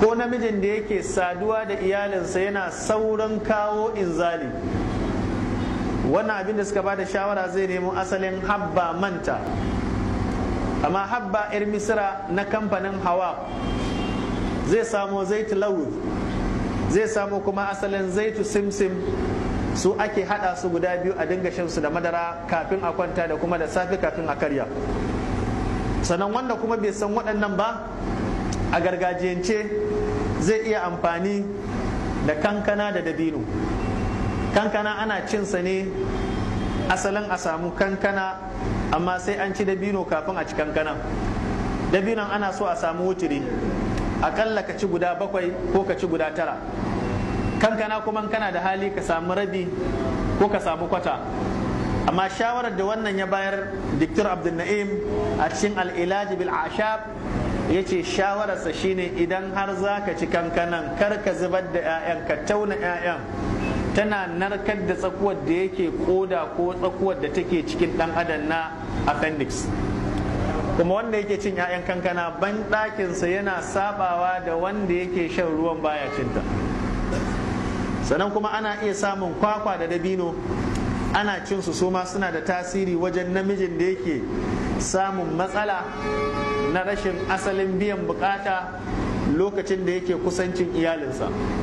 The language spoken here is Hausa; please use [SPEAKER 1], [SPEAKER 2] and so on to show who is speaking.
[SPEAKER 1] ko namijin da yake saduwa da iyalinsa yana sauran kawo inzali wannan abin da suka ba da shawara zai nemo asalin habba manta amma habba 'yar misira na kamfanin hawa zai samo zaitu lawud zai samo kuma asalin zaitu simsim su ake hada su guda biyu a dinga shan su da madara kafin a kwanta da kuma da safe kafin a karya sannan wanda kuma bai san waɗannan ba a gargajiyance zai iya amfani da kankana da dabino kankana ana cinsa ne asalin a samu kankana amma sai an ci dabino kafin a ci kankana dabinon ana so a samu wuturi akalla ka ci guda bakwai ko ka ci guda tara kankana kuma kana da hali ka samu rabi ko ka samu kwata amma shawarar da wannan ya bayar diktar abdulna'im a cikin al'ilaji bil ashab ya ce shawararsa shine idan har za ka ci kankanan kar ka zubar da 'ya'yan ka tauna 'ya'yan tana narkar da tsakuwar da yake koda ko tsakuwar da take cikin dan adam na appendix kuma wanda yake cin 'ya'yan kankana ban ɗakinsa yana sabawa da wanda yake shan ruwan baya cinta sannan kuma ana iya samun kwakwa da dabino ana cin su suma suna da tasiri wajen namijin da yake samun matsala na rashin asalin biyan bukata lokacin da yake kusancin iyalinsa